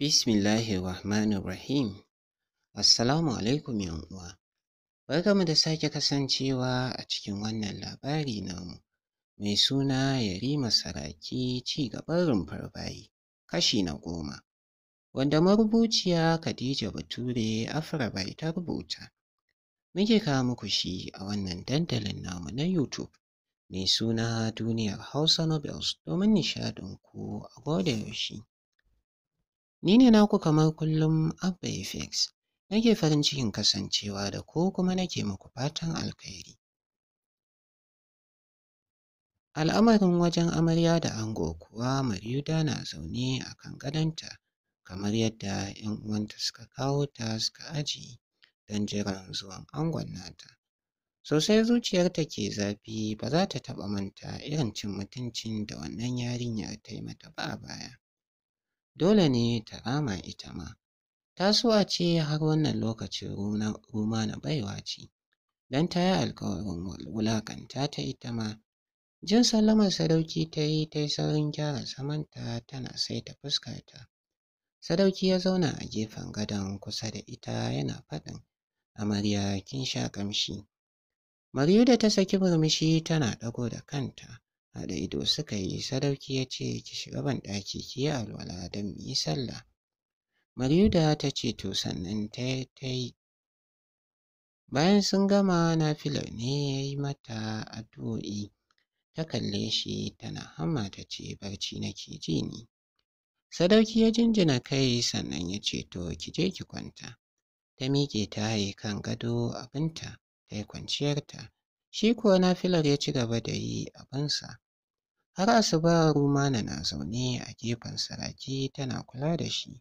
Bismillahirrahmanirrahim. Assalamu alaikum uwa. Barkamu da sake kasancewa a cikin wannan labari namu. Mai suna Yarima Saraki ci gaban rumfar bayi, kashi na goma. Wanda marubuciya Khadija Bature Afrabai ta rubuta. Muke kawo muku shi a wannan dandalin namu na YouTube. Mai suna Duniyar Hausa Nobels domin nishaɗin ku a yaushe. Ni ne naku kamar kullum Abba Efex. Nake farin cikin kasancewa da ko kuma nake muku fatan alkhairi. Al'amarin wajen amarya da ango kuwa Maryuda na zaune a kan gadonta kamar yadda 'yan uwanta suka kawo ta suka aji don jiran zuwan angon nata. Sosai zuciyarta ke zafi ba za ta taɓa manta irin cin mutuncin da wannan yarinya ta yi mata ba a baya. dole ne ta rama ita ma. Tasuwa ce har wannan lokacin ruma na baiwa ce, don ta yi alkawarin wulaƙanta ta ita ma. Jin sallamar sadauki ta yi ta yi saurin gyara samanta tana saita fuskarta. Sadauki ya zauna a gefen gadon kusa da ita yana faɗin amarya kin sha ƙamshi. Maryu da ta saki murmushi tana ɗago da kanta. haɗa ido suka yi sadauki ya ce ki shiga ban ɗaki ki yi alwala don mu yi sallah maryuda ta ce to sannan ta yi bayan sun gama nafilar ne ya yi mata addu'o'i ta kalle shi tana hamma ta ce barci na ji ni sadauki ya jinjina kai sannan ya ce to ki je ki kwanta ta miƙe ta yi kan gado abinta ta yi kwanciyarta shi kuwa filar ya ci gaba da yi abinsa Har asuba Rumana na zaune a gefen saraki tana kula da shi.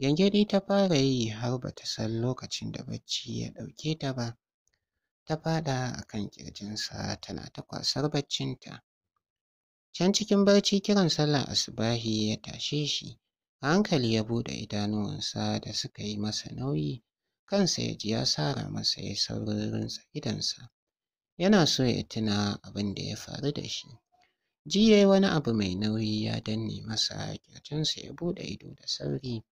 Gyangyaɗi ta fara yi har ba ta san lokacin da bacci ya ɗauke ta ba. Ta faɗa a kan ƙirjinsa tana ta kwasar baccinta. Can cikin barci kiran sallar asubahi ya tashe shi, a hankali ya buɗe idanuwansa da suka yi masa nauyi, kansa ya ji ya sara masa ya saurin rinsa idansa. Yana so ya tuna abin da ya faru da shi. jiya wani abu mai nauyi ya danne masa ƙirjinsa ya buɗe ido da sauri.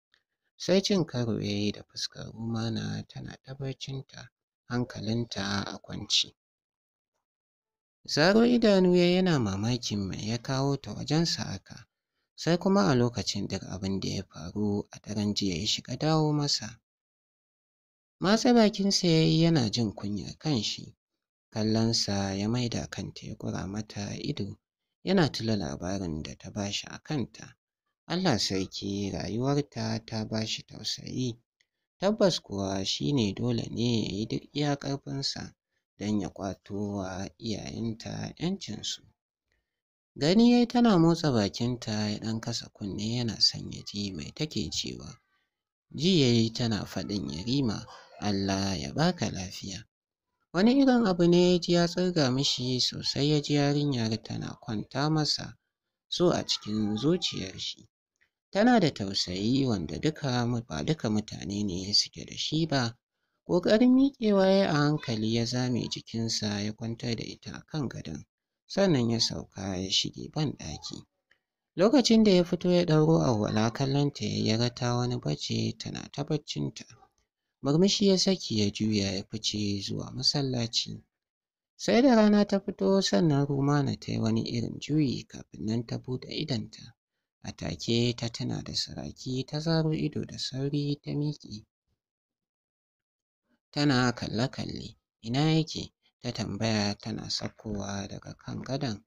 Sai cin karo ya yi da fuskar rumana tana ta barcinta hankalinta a kwance. Zaro idanu ya yana mamakin mai ya kawo ta wajensa haka. Sai kuma a lokacin duk abin da ya faru a daren jiya ya shiga dawo masa. Matsa bakinsa ya yi yana jin kunyar kanshi. Kallonsa ya maida kan tekura mata ido yana tuna labarin da ta ba shi a kanta. Allah sarki rayuwarta ta ba shi tausayi. Tabbas kuwa shi ne dole ne ya yi duk iya ƙarfinsa don ya ƙwato wa iyayenta 'yancinsu. Gani yi tana motsa bakinta ya ɗan kasa kunne yana son ya ji mai take cewa. Ji yayi tana faɗin Yarima, Allah ya ba ka lafiya. wani irin abu ne ya ji ya tsirga mishi sosai ya ji yarinyar tana kwanta masa so a cikin zuciyar shi tana da tausayi wanda duka ba duka mutane ne suke da shi ba ƙoƙarin miƙewa ya a hankali ya zame jikinsa ya kwantar da ita a kan gadon sannan ya sauka ya shige banɗaki. lokacin da ya fito ya ɗauro a wala kallon ya ga ta wani bace tana ta baccinta murmushi ya saki ya juya ya fice zuwa masallaci sai da rana ta fito sannan rumana ta yi wani irin juyi kafin nan ta buɗe idonta a take ta tuna da saraki ta zaro ido da sauri ta miƙe tana kalle-kalle ina yake ta tambaya tana saukowa daga kan gadon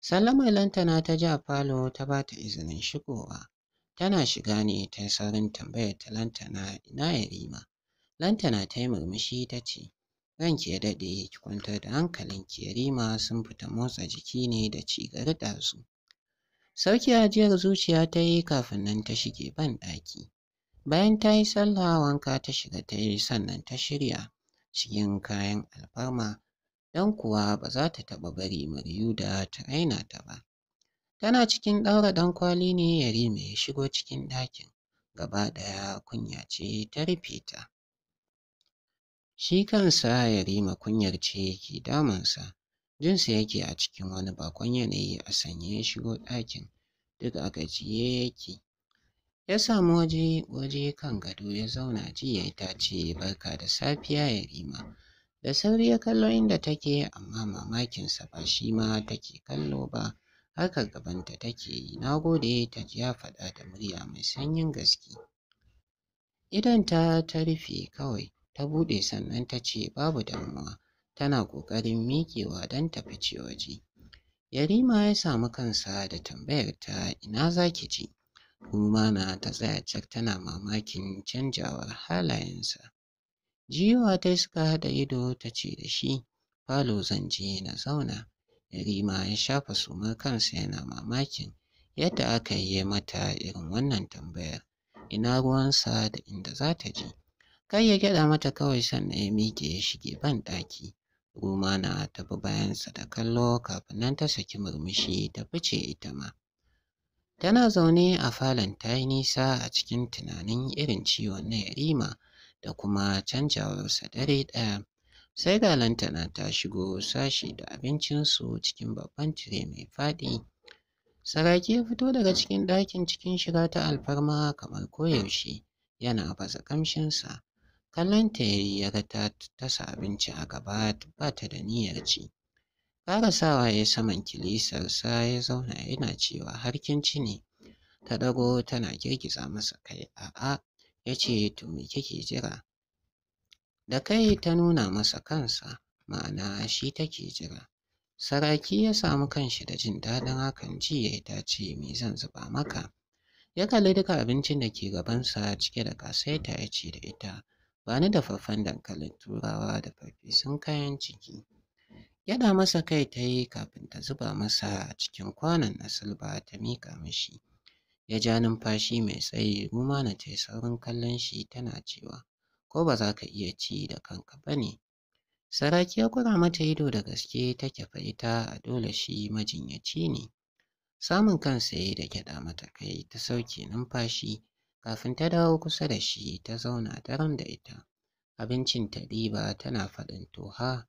sallamar lantana ta ji falo ta ba ta izinin shigowa tana shiga ne ta saurin tambayar ta lantana ina yarima Lantana ta yi murmushi ta ce, Ranki ya daɗe ki kwantar da hankalinki Yarima sun fita motsa jiki ne da cigari ɗazu. Sauki ajiyar zuciya ta yi kafin nan ta shige banɗaki. Bayan ta yi sallah wanka ta shiga ta yi sannan ta shirya cikin kayan alfarma don kuwa ba za ta taɓa bari Maryuda ta raina ta ba. Tana cikin ɗaura ɗankwali ne Yarima ya shigo cikin ɗakin. Gaba ɗaya kunya ce ta rufe ta. Shi kansa Yarima kunyar ce yake damunsa, jinsa yake a cikin wani bakon yanayi a sanye ya shigo ɗakin, duk a gajiye yake. Ya samu waje waje kan gado ya zauna jiya ta ce barka da safiya Yarima. Da sauri ya kallo inda take amma mamakinsa ba shi ma take kallo ba haka gabanta take yi na gode ta ji ya faɗa da murya mai sanyin gaske. idan ta ta rufe kawai ta buɗe sannan ta ce babu damuwa tana ƙoƙarin miƙewa don ta fice waje. Yarima ya samu kansa da tambayar ta ina za ki je? Rumana ta tsaya cak tana mamakin canjawar halayensa. Jiwa ta suka haɗa ido ta ce da shi, falo zan je na zauna. Yarima ya shafa suma kansa yana mamakin yadda aka yi mata irin wannan tambayar. Ina ruwansa da inda za ta je? Kai ya gyaɗa mata kawai sannan ya miƙe ya shige ban ɗaki. Rumana na tafi bayansa da kallo kafin nan ta saki murmushi ta fice ita ma. Tana zaune a falon ta yi nisa a cikin tunanin irin ciwon na yarima da kuma canjawarsa dare ɗaya. Sai ga lantana ta shigo sashi da abincinsu cikin babban tire mai faɗi. Saraki ya fito daga cikin ɗakin cikin shiga ta alfarma kamar koyaushe yana fasa ƙamshinsa. Kallonta ya yi ya ga ta tasa abinci a gaba ba ta da niyyar ci. Ƙarasawa ya saman kilisarsa ya zauna yana cewa har kin ci ne. Ta ɗago tana girgiza masa kai a'a ya ce to me kike jira? Da kai ta nuna masa kansa ma'ana shi take jira. Saraki ya samu kanshi da jin daɗin hakan jiya ta ce me zan zuba maka. Ya kalli duka abincin da ke gabansa cike da kasaita ya ce da ita Bani dafaffen dankalin turawa da sun kayan ciki. Gyaɗa masa kai ta yi kafin ta zuba masa a cikin kwanon na silba ta miƙa mishi. Ya ja numfashi mai tsayi Rumana ta yi saurin kallon shi tana cewa ko ba za ka iya ci da kanka ba ne. Saraki ya kura mata ido da gaske ta kyafa ita a dole shi majinyaci ne. Samun kansa ya yi da gyaɗa mata kai ta sauke numfashi Kafin ta dawo kusa da shi ta zauna daram da ita. Abincin ta ɗiba tana faɗin toha.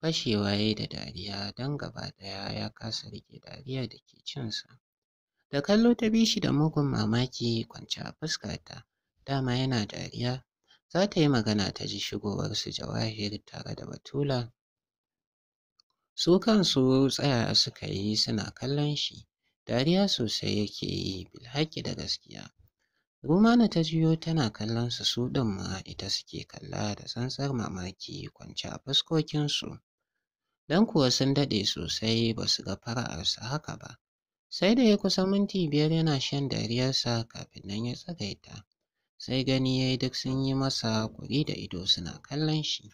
Fashewa yayi da dariya don gaba ɗaya ya kasa riƙe dariya da ke cinsa. Da kallo ta bi shi da mugun mamaki kwance a fuskarta. Dama yana dariya. Za ta yi magana ta ji shigowarsu Jawahir tare da Batula. Su kansu tsaya suka yi suna kallon shi. Dariya sosai yake yi bilhaki da gaskiya. Rumana ta jiyo tana kallon su su ɗin ma ita suke kalla da tsantsar mamaki kwance a fuskokinsu. Don kuwa sun daɗe sosai ba su ga fara'arsa haka ba. Sai da ya kusa minti biyar yana shan dariyarsa kafin nan ya tsagaita. Sai gani ya yi duk sun yi masa kuri da ido suna kallon shi.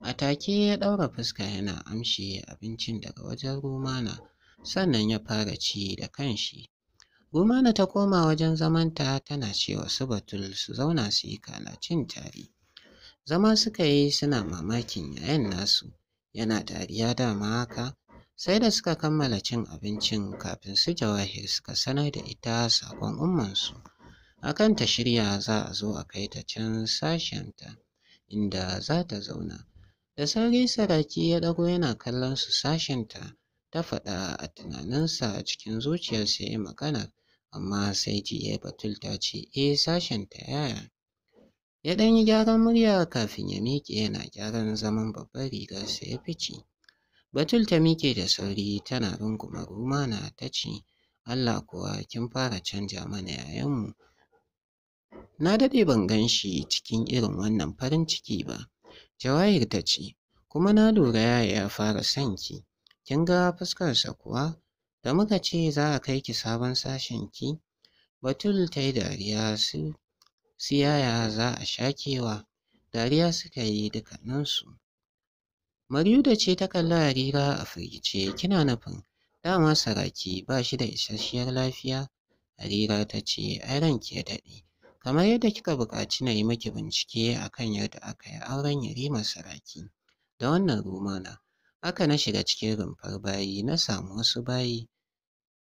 A take ya ɗaura fuska yana amshi abincin daga wajen Rumana sannan ya fara ci da kanshi. Gumana ta koma wajen zamanta tana cewa su Batul su zauna su yi kalacin tare. Zama suka yi suna mamakin yayan nasu, yana dariya dama haka, sai da suka kammala cin abincin kafin su jawahir suka sanar da ita sakon ummansu. Akan ta shirya za a zo a kai ta can sashenta, inda za ta zauna. Da sauri saraki ya ɗago yana kallon su sashenta. ta faɗa a tunaninsa cikin zuciyarsa ya yi magana amma sai jiya batul ta ce eh sashen ta yaya ya ɗan yi gyaran murya kafin ya miƙe yana gyaran zaman babbar rigarsa ya fice batul ta miƙe da sauri tana runguma rumana ta ce allah kuwa kin fara canja mana yayanmu na daɗe ban gan shi cikin irin wannan farin ciki ba jawahir ta ce kuma na lura yaya ya fara son ki kin ga fuskarsa kuwa Da muka ce za a kai ki sabon sashen ki, Batul ta yi dariya su su yaya za a sha kewa, dariya suka yi dukkaninsu. Maryuda ce ta kalli Rira a firgice, kina nufin dama saraki ba shi da isasshiyar lafiya? Rira ta ce, ai ki ya daɗe. Kamar yadda kika buƙaci na yi maki bincike a kan yadda aka yi auren Yarima saraki da wannan rumana, Haka na shiga cikin rumfar bayi na samu wasu bayi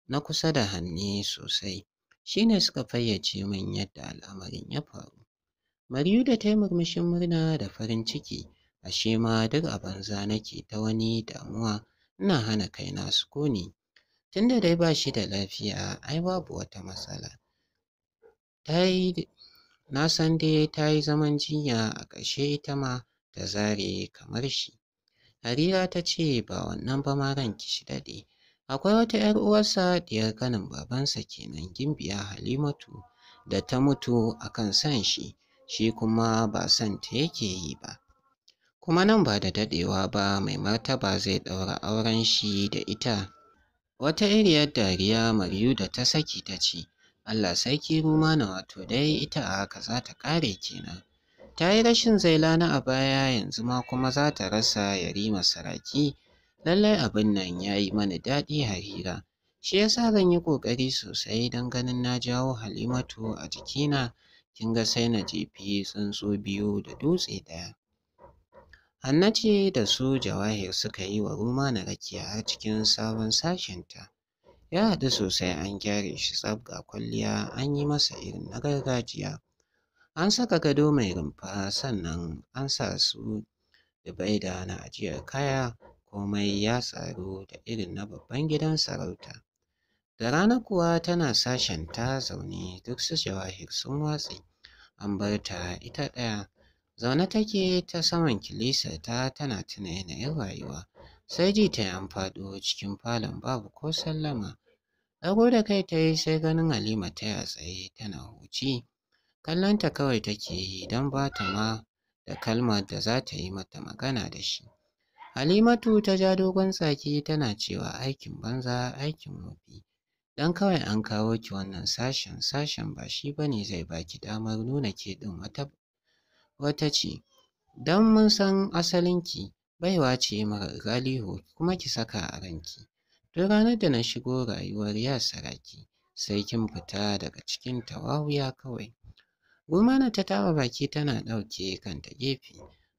na kusa da hanne sosai. Shi ne suka fayyace min yadda al'amarin ya faru. da ta yi murmushin murna da farin ciki, ashe ma duk a banza nake ta wani damuwa ina hana kaina sukuni. Tunda dai ba shi da lafiya ai babu wata matsala. na san dai ta yi zaman jinya a ƙarshe ita ma ta zare kamar shi. Harira ta ce ba wannan ba ma ran shi daɗe. Akwai wata 'yar uwarsa diyar kanin babansa kenan Gimbiya Halimatu da ta mutu akan san shi, shi kuma ba san ta yake yi ba. Kuma nan ba da daɗewa ba mai martaba zai ɗaura auren shi da ita. Wata iriyar dariya Maryu da ta saki ta ce, Allah sarki rumana wato dai ita a haka za ta ƙare kenan. ta yi rashin zaila na a baya yanzu ma kuma za ta rasa yarima saraki lallai abin nan ya yi mani daɗi hira. shi yasa zan yi ƙoƙari sosai don ganin na jawo halimatu a jikina kin ga sai na jefi tsuntsu biyu da dutse ɗaya Hanna ce da su Jawahir suka yi wa Ruma na rakiya har cikin sabon sashenta. Ya haɗu sosai an gyara shi tsaf ga kwalliya an yi masa irin na gargajiya. An saka gado mai rumfa sannan an sa su da baida na ajiyar kaya komai ya tsaru da irin na babban gidan sarauta. Da rana kuwa tana sashen ta zaune duk su jawahir sun watse an bar ta ita ɗaya. Zaune take ta saman kilisa ta tana tuna yanayin rayuwa sai ji ta an faɗo cikin falon babu ko sallama. Ɗago da kai ta yi sai ganin Halima ta tsaye tana huci. Kallonta kawai take yi don ba ta ma da kalmar da za ta yi mata magana da shi. Halimatu ta ja dogon tsaki tana cewa aikin banza aikin mafi Dan kawai an kawo ki wannan sashen sashen ba shi ba ne zai ba ki damar nuna ke ɗin wata wata ce. Don mun san asalinki baiwa ce mara galiho kuma ki saka a ranki. Duk ranar da na shigo rayuwar ya saraki sai kin fita daga cikin tawawiya kawai. Gumana ta tawa baki tana ɗauke kanta gefe.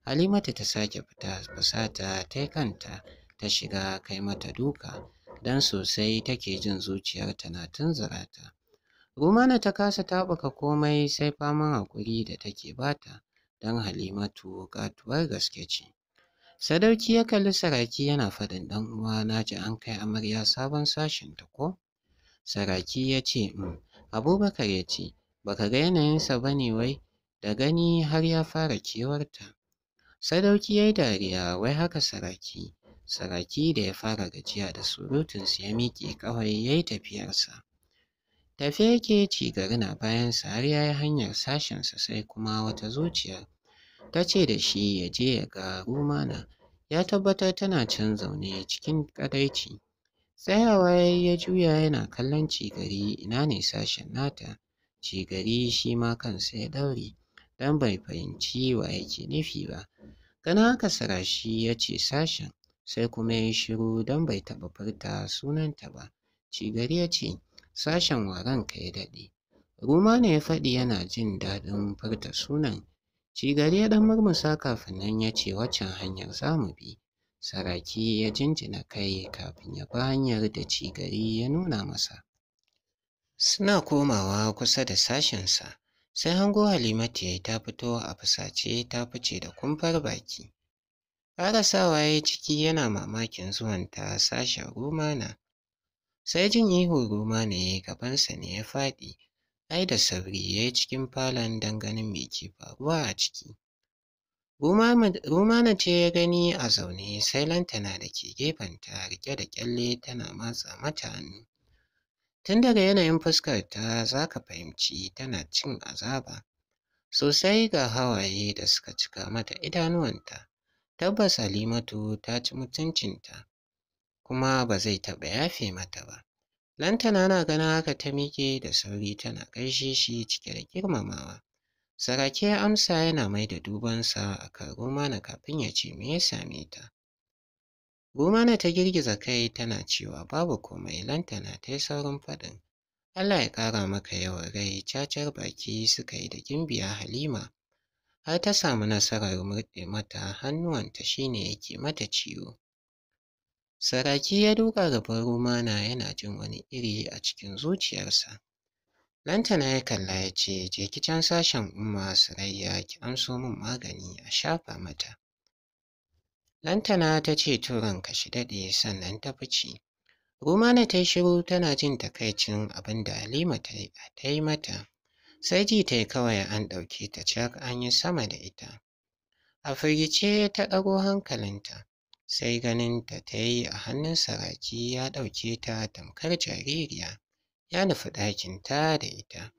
Halimatu ta sake fita fasata ta kanta ta shiga kai mata duka dan sosai take jin zuciyar tana tunzura ta. Rumana ta kasa taɓuka komai sai faman hakuri da take bata dan Halimatu katuwar gaske ce. Sadauki ya kalli Saraki yana faɗin ɗan uwa na ji an kai amarya sabon ta ko? Saraki ya ce mm. Abubakar ya ce baka ga yanayinsa ba ne wai da gani har ya fara kewarta sadauki yayi dariya wai haka saraki saraki da ya fara gajiya da surutunsa ya miƙe kawai yayi yi tafiyarsa tafiya yake ci gari na bayansa har yayi yi hanyar sashensa sai kuma wata zuciya ta ce da shi ya je ya ga rumana ya tabbatar tana can zaune cikin kadaici tsayawa ya juya yana kallon cigari ina ne sashen nata Cigari gari shi ma kansa ya daure don bai fahimci wa yake nufi ba ganin haka sarashi ya ce sashen sai kuma ya yi shiru don bai taɓa furta sunanta ba Cigari gari ya ce sashen waran ka ya daɗe ruma ne ya faɗi yana jin daɗin furta sunan ci gari ya ɗan murmusa kafin nan ya ce waccan hanyar za mu bi saraki ya jinjina kai kafin ya bi hanyar da ci gari ya nuna masa Suna komawa kusa da sashensa, sai hango Halimatu ya ta fito a fusace ta fice da kumfar baki. Ƙarasawa ya ciki yana mamakin zuwanta sashen rumana. Sai jin ihu rumana ya gabansa ne ya faɗi, ai da sauri ya yi cikin falon don ganin me ke faruwa a ciki. Rumana ce ya gani a zaune sai lantana da ke gefenta rike da ƙyalle tana matsa mata hannu. Tun daga yanayin fuskarta za ka fahimci tana cin azaba sosai ga hawaye da suka cika mata idanuwanta. Tabbas Halimatu ta ci mutuncinta kuma ba zai taɓa yafe mata ba. Lantana na ganin haka ta miƙe da sauri tana gaishe shi cike da girmamawa. Sarake amsa yana mai da dubansa a kan romana kafin ya ce me ya same ta. Rumana ta girgiza kai tana cewa babu komai lantana ta yi saurin faɗin. Allah ya ƙara maka yawan rai cacar baki suka yi da gimbiya Halima. Har ta samu nasarar murɗe mata hannuwanta shine yake mata ciwo. Saraki ya duka gaban rumana yana jin wani iri a cikin zuciyarsa. Lantana ya kalla ya ce, je ki sashen umma Sarayya ki amso min magani a shafa mata. Lantana ta ce turan ka shi daɗe sannan ta fice. Rumana ta shiru tana jin takaicin abin da Halima ta yi mata. Sai ji ta yi kawai an ɗauke ta cak an yi sama da ita. A firgice ta ɗago hankalinta. Sai ganin ta ta yi a hannun saraki ya ɗauke ta tamkar jaririya. Ya nufi ɗakinta da ita.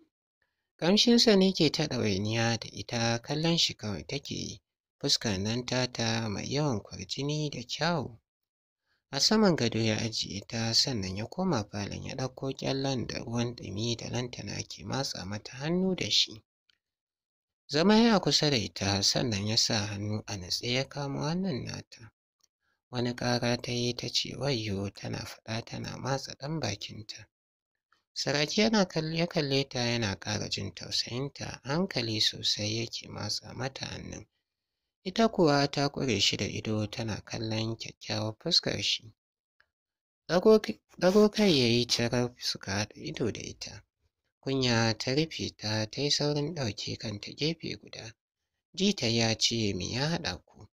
Ƙamshinsa ne ke ta ɗawainiya da ita kallon shi kawai take yi. fuskar nan tata mai yawan kwarjini da kyawu a saman gado ya ajiye ta sannan ya koma falon ya ɗauko ƙyallen da ruwan ɗumi da lantana ke matsa mata hannu da shi zama ya kusa da ita sannan ya sa hannu a natse ya kamo hannun nata wani ƙara ta yi ta ce wayyo tana faɗa tana matsa ɗan bakinta saraki yana ya kalle ta yana ƙara jin tausayinta hankali sosai yake matsa mata hannun ita kuwa ta ƙure shi da ido tana kallon kyakkyawar fuskar shi. Ɗago kai ya yi cirar suka haɗa ido da ita. Kunya ta rufe ta ta yi saurin ɗauke kanta gefe guda. Ji ta ya ce me ya haɗa ku?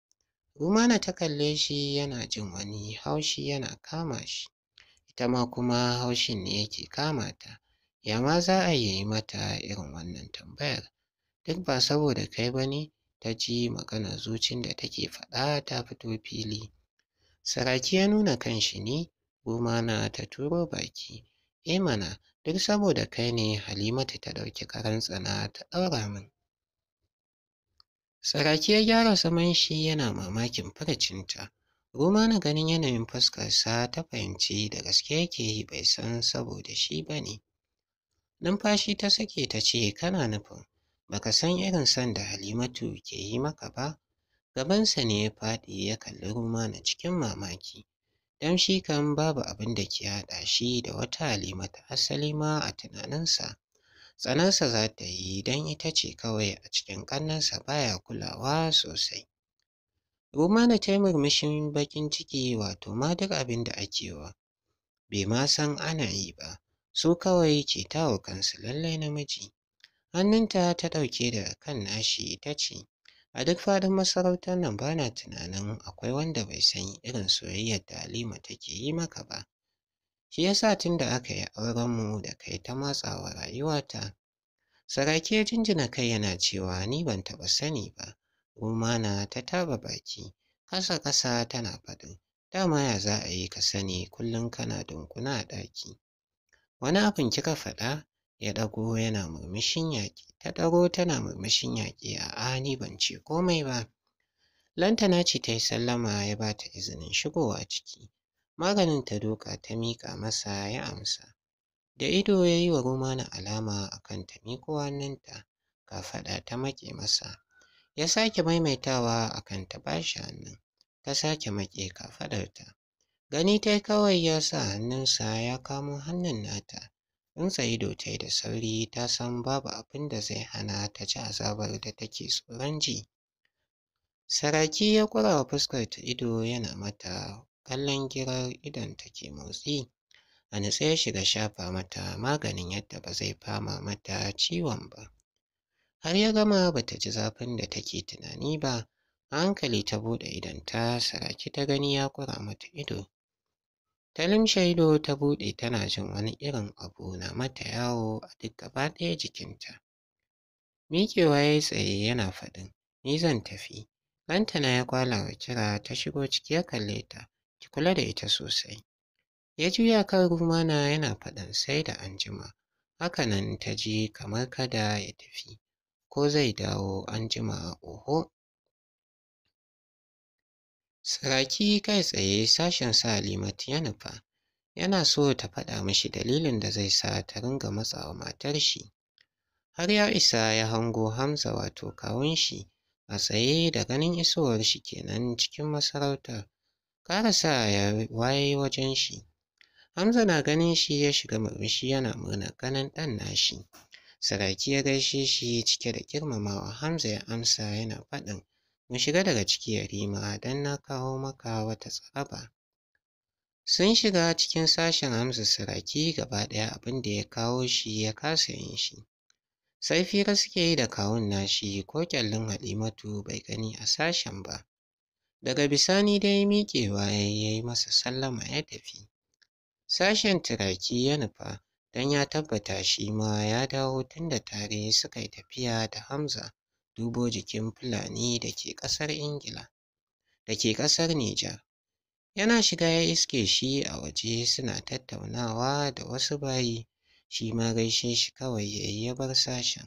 Rumana ta kalle shi yana jin wani haushi yana kama shi. Ita ma kuma haushin ne yake kama ta. Ya ma za a yi mata irin wannan tambayar? Duk ba saboda kai ba ne? ta ji magana zucin da take faɗa ta fito fili saraki ya nuna kan shi ne na ta turo baki E, mana duk saboda kai ne halimatu ta ɗauki karan tsana ta ɗaura min saraki ya gyara saman shi yana mamakin faracinta Goma na ganin yanayin fuskarsa ta fahimci da gaske yake yi bai san saboda shi ba ne. Numfashi ta sake ta ce kana nufin baka san irin son da Halimatu ke yi maka ba gabansa ne ya faɗi ya kalli rumana cikin mamaki don shi kan babu abin da ke haɗa shi da wata Halimatu asali ma a tunaninsa tsanarsa za ta yi don ita ce kawai a cikin ƙannansa baya kulawa sosai rumana ta yi murmushin baƙin ciki wato ma duk abin da ake wa bai ma san ana yi ba su kawai ke tawo kansu lallai namiji Hannunta ta ɗauke da kan nashi ta ce, A duk faɗin masarautar nan ba na tunanin akwai wanda bai san irin soyayyar da Halima take yi maka ba. Shi ya tun da aka yi aurenmu da kai ta matsawa rayuwata. Sarake ya jinjina kai yana cewa ni ban taɓa sani ba. na ta taba baki, ƙasa-ƙasa tana faɗin. Dama ya za a yi ka sani kullum kana dunkuna a ɗaki. Wani abin kika faɗa? ya ɗago yana murmushin yaƙi ta ɗago tana murmushin yaƙi a ani ban ce komai ba lantana ce ta yi sallama ya ba ta izinin shigowa ciki maganin ta doka ta miƙa masa ya amsa da ido ya yi wa romana alama a kan ta miƙo hannunta ka faɗa ta maƙe masa ya sake maimaitawa a kan ta shi hannun ta sake maƙe ka kafaɗarta gani ta kawai ya sa hannunsa ya kamo hannun nata Tsuntsa ido ta yi da sauri ta san babu abin da zai hana ta ci azabar da take tsoron ji. Saraki ya kura wa fuskar ta ido yana mata kallon girar idon ta ke motsi. A nutse ya shiga shafa mata maganin yadda ba zai fama mata ciwon ba. Har ya gama ba ta ji zafin da take tunani ba, a hankali ta buɗe idonta saraki ta gani ya kura mata ido. ta shaido ta buɗe tana jin wani irin abu na mata yawo a duk gaba ɗaya jikinta Mikewa ya tsaye yana faɗin ni zan tafi lantana ya kwalawa kira ta shigo ciki ya kalle ta ki kula da ita sosai ya juya kan rumana yana faɗin sai da anjima nan ta ji kamar kada ya tafi ko zai dawo anjima oho Saraki kai tsaye sashen sa Limat ya nufa, yana so ta faɗa mashi dalilin da zai sa ta ringa matsawa matar shi. Har ya isa ya hango Hamza wato kawun shi a tsaye da ganin isowar shi kenan cikin masarautar. Karasa ya waye wajen shi. Hamza na ganin shi ya shiga murmushi yana murna ganin ɗan nashi. Saraki ya gaishe shi cike da girmamawa Hamza ya amsa yana faɗin mu shiga daga ciki Yarima don na kawo maka wata tsaba Sun shiga cikin sashen Hamza Saraki gaba ɗaya abinda ya kawo shi ya kasa yin shi. Sai fira suke yi da kawun nashi ko kyallin Halimatu bai gani a sashen ba. Daga bisani dai miƙewa ya yi masa sallama ya tafi. Sashen turaki ya nufa don ya tabbata shi ma ya dawo tunda tare suka yi tafiya da Hamza. dubo jikin Fulani da ke ƙasar Ingila da ke ƙasar Nijar. Yana shiga ya iske shi a waje suna tattaunawa da wasu bayi, shi ma gaishe shi kawai ya yi ya bar sashen.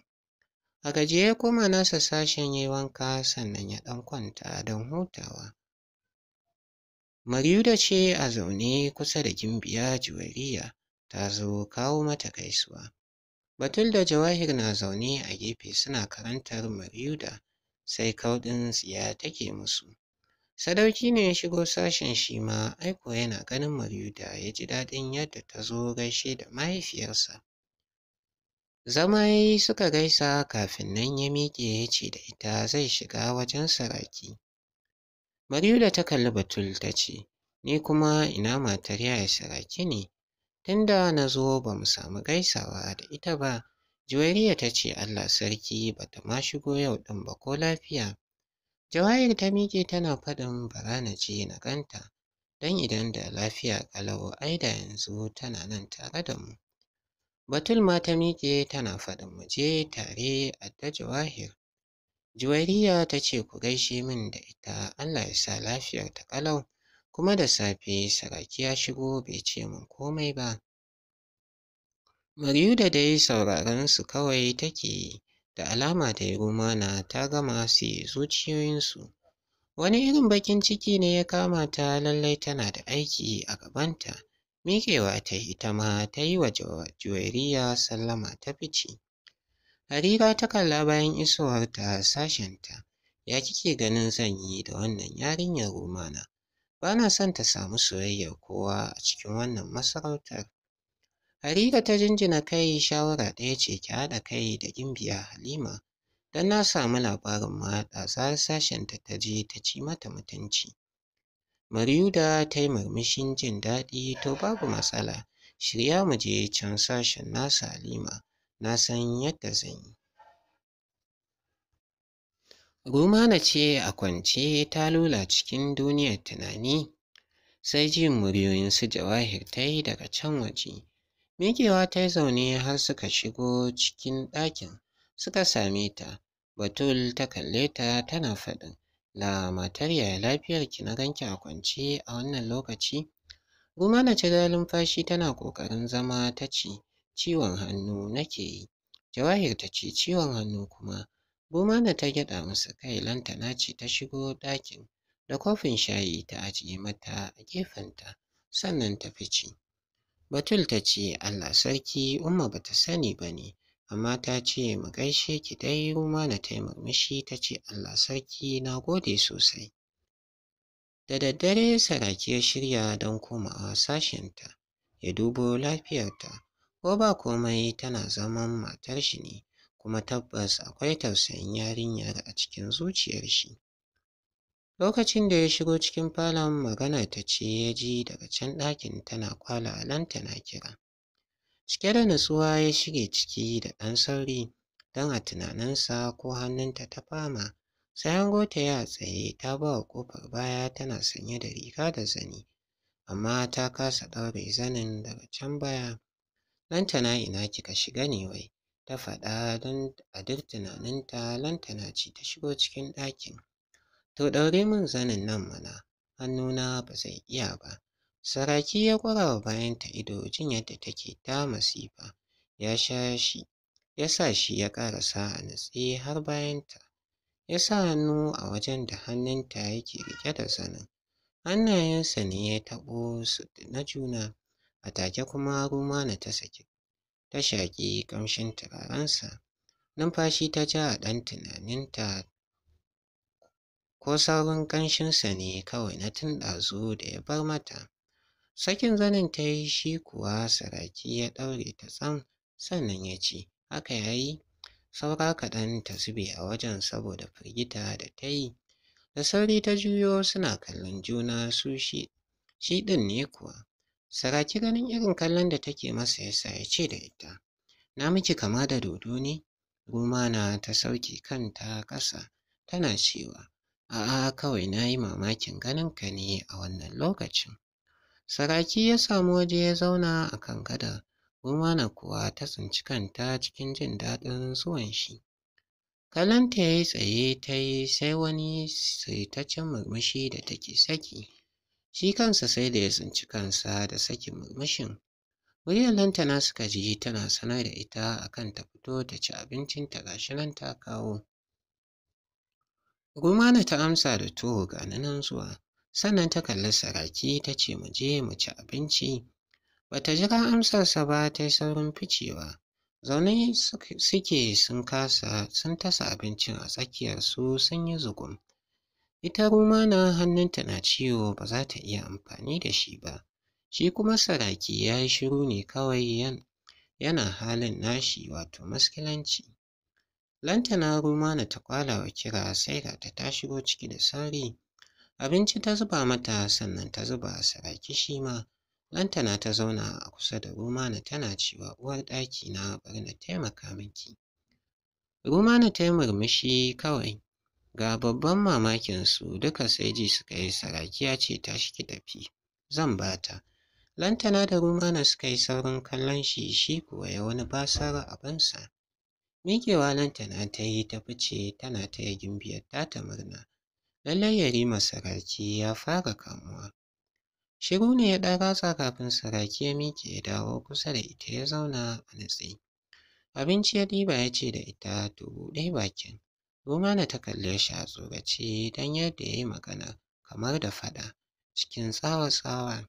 A gaje ya koma nasa sashen ya yi wanka sannan ya ɗan kwanta don hutawa. Maryuda ce a zaune kusa da gimbiya juwariya ta zo kawo mata gaisuwa. Batul da Jawahir na zaune a gefe suna karantar Maryuda sai kauɗin tsiya take musu. Sadauki ne ya shigo sashen shi ma aiko yana ganin Maryuda ya ji daɗin yadda ta zo gaishe da mahaifiyarsa. Zama ya yi suka gaisa kafin nan ya miƙe ya ce da ita zai shiga wajen saraki. Maryuda ta kalli Batul ta ce, Ni kuma ina matar yaya saraki ne, Tunda na zo ba mu samu gaisawa da ita ba, Juwairiya ta ce Allah sarki ba ta ma shigo yau ɗin ba ko lafiya. Jawahir ta miƙe tana faɗin bara na je na ganta, don idan da lafiya ƙalau ai da yanzu tana nan tare da mu. Batul ma ta miƙe tana faɗin mu je tare a ta Jawahir. Juwairiya ta ce ku gaishe min da ita Allah ya sa lafiyarta ta ƙalau. kuma da safe saraki ya shigo bai ce min komai ba da dai sauraron su kawai take da alama da rumana ta gama su zuciyoyinsu wani irin bakin ciki ne ya kama ta lallai tana da aiki a gabanta miƙewa ta ita ma ta yi wa juwairiya sallama ta fice harira ta kalla bayan isowar isowarta sashenta ya kike ganin zan yi da wannan yarinyar rumana ba na son ta samu soyayyar kowa a cikin wannan masarautar. Harira ta jinjina kai shawara ɗaya ce ki haɗa kai da gimbiya Halima don na samu labarin mahaɗa za sashenta ta je ta ci mata mutunci. Maryuda ta yi murmushin jin daɗi to babu matsala shirya mu je can sashen nasu Halima na san yadda zan yi. Rumana ce a kwance ta lula cikin duniyar tunani, sai jin su Jawahir ta yi daga can waje. Miƙewa ta zaune har suka shigo cikin ɗakin suka same ta. Batul ta kalle ta tana faɗin, La matar yaya ki na ganki a kwance a wannan lokaci? Rumana ce da numfashi tana ƙoƙarin zama ta ce, Ciwon hannu nake yi. Jawahir ta ce, Ciwon hannu kuma? Bumana ta gyaɗa musu kai lantana ce ta shigo ɗakin da kofin shayi ta ajiye mata a gefenta sannan ta fice. Batul ta ce Allah sarki Umma ba ta sani ba ne amma ta ce mu gaishe ki dai Bumana ta yi murmushi ta ce Allah sarki na gode sosai. Da daddare saraki ya shirya don komawa sashenta ya dubo lafiyarta ko ba komai tana zaman matar shi ne kuma tabbas akwai tausayin yarinyar a cikin zuciyar shi. Lokacin da ya shigo cikin falon maganar ta ce ya ji daga can ɗakin tana kwala nan tana kira. Cike da nutsuwa ya shige ciki da ɗan sauri don a tunaninsa ko hannunta ta fama sai hango ta ya tsaye ta ba wa ƙofar baya tana sanye da riga da zani amma ta kasa ɗaure zanin daga can baya. Lantana ina kika shiga ne wai? ta faɗa don a duk tunaninta lantana ce ta shigo cikin ɗakin. To ɗaure min zanin nan mana, hannuna ba zai iya ba. Saraki ya ƙura wa bayanta ido jin yadda take ta masifa, ya sha shi, ya sa shi ya ƙarasa a natse har bayanta. Ya sa hannu a wajen da hannunta yake riƙe da zanin. Hannayensa ne ya taɓo su na juna, a take kuma Rumana ta saki ta shaƙi ƙamshin turarensa numfashi ta ja a ɗan tunaninta ko saurin ƙanshinsa ne kawai na tun ɗazu da ya bar mata sakin zanin ta yi shi kuwa saraki ya ɗaure ta tsam sannan ya ci, haka ya yi saura kaɗan ta zube a wajen saboda firgita da ta yi da sauri ta juyo suna kallon juna su shi ɗin ne kuwa Saraki ganin irin kallon da take masa yasa ya ce da ita, Na miki kama da dodo ne? na ta sauke kanta ƙasa tana cewa, A'a kawai na yi mamakin ganin ka ne a wannan lokacin. Saraki ya samu waje ya zauna a kan gada, na kuwa ta tsinci kanta cikin jin daɗin zuwan shi. Kallon ta yi tsaye ta yi sai wani saitaccen murmushi da take saki. Shi kansa sai da ya tsinci kansa da sakin murmushin. Muryar lantana suka ji tana sana da ita a kan ta fito ta ci ta gashi nan ta kawo. Rumana ta amsa da tuwo ga nan zuwa, sannan ta kalli saraki ta ce mu je mu ci abinci. Bata jira amsarsa ba ta yi saurin ficewa. Zaune suke sun kasa sun tasa abincin a tsakiyarsu sun yi zugum. Ita Rumana hannunta na ciwo ba za ta iya amfani da shi ba. Shi kuma Saraki ya yi shiru ne kawai yana halin nashi wato maskilanci. Lantana Rumana ta kwalawa kira sai ga ta ta shigo ciki da sauri. Abinci ta zuba mata sannan ta zuba Saraki shi ma. Lantana ta zauna a kusa da Rumana tana cewa uwar ɗaki na bari na taimaka miki. Rumana ta yi murmushi kawai Ga babban mamakinsu duka sai ji suka yi sarakiya ce tashi ki tafi. Zan ba bata. Lantana da Rumana suka yi saurin kallon shi shi kuwa ya wani basar abinsa. Miƙewa Lantana ta yi ta fice tana taya gimbiyar ta murna. Lallai Yarima saraki ya fara kamuwa. Shiru ne ya ɗan ratsa kafin saraki ya miƙe ya dawo kusa da ita ya zauna a natsi Abinci ya ɗiba ya ce da ita to buɗe bakin. Rumana ta kalle shi a tsorace don yadda ya yi magana kamar da faɗa cikin tsawa-tsawa.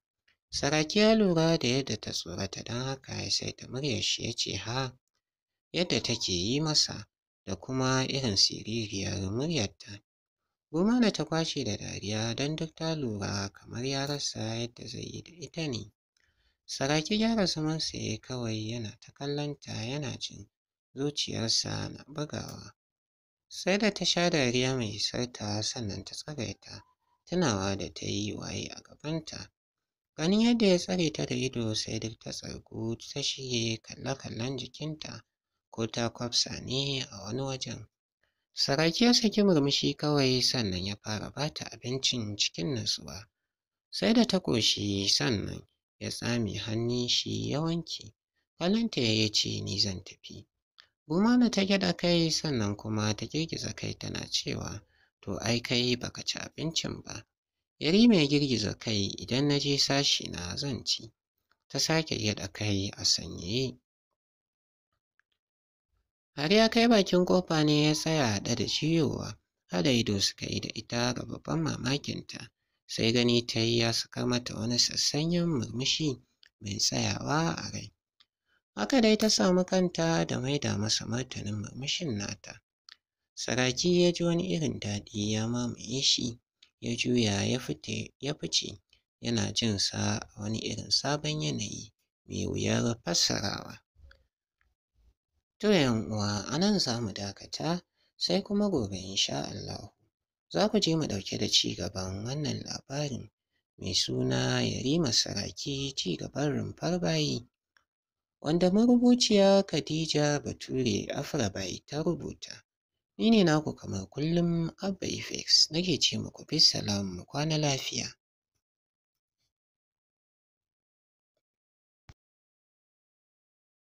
Saraki ya lura da yadda ta tsorata don haka ya sai ta muryar shi ya ce ha yadda take yi masa da kuma irin siririyar muryarta. Rumana ta kwashe da dariya don duk ta lura kamar ya rasa yadda zai yi da ita ne. Saraki gyara zamansa ya kawai yana ta kallonta yana jin zuciyarsa na bugawa. Sai da ta sha dariya mai sarta sannan ta tsagaita tunawa da ta yi waye a gabanta. Ganin yadda ya tsare ta da ido sai duk ta tsargu ta shige kalle-kallen jikinta ko ta kwafsa ne a wani wajen. Saraki ya saki murmushi kawai sannan ya fara bata abincin cikin natsuwa. Sai da ta ƙoshi sannan ya tsame hannun shi ya wanke. Kallonta ya ce ni zan tafi. Bumana ta gyaɗa kai sannan kuma ta girgiza kai tana cewa to ai kai baka ci abincin ba. Yari mai girgiza kai idan na je sashi na zan ci. Ta sake gyaɗa kai a sanye. Har ya kai bakin kofa ne ya tsaya haɗe da ciyowa. Hada ido suka yi da ita ga babban mamakinta. Sai gani ta yi ya saka mata wani sassanyen murmushi mai tsayawa a rai. Haka dai ta samu kanta da maida masa martanin murmushin nata. Saraki ya ji wani irin daɗi ya mamaye shi, ya juya ya fice, yana jin sa wani irin sabon yanayi mai wuyar fassarawa. To yan uwa a nan za mu dakata, sai kuma gobe in sha Allahu. Za ku je mu ɗauke da ci gaban wannan labarin mai suna Yarima Saraki ci gaban rumfar bayi. wanda marubuciya Khadija Bature Afrabai ta rubuta. Ni ne naku kamar kullum Abba Ifex nake ce muku bisalam mu kwana lafiya.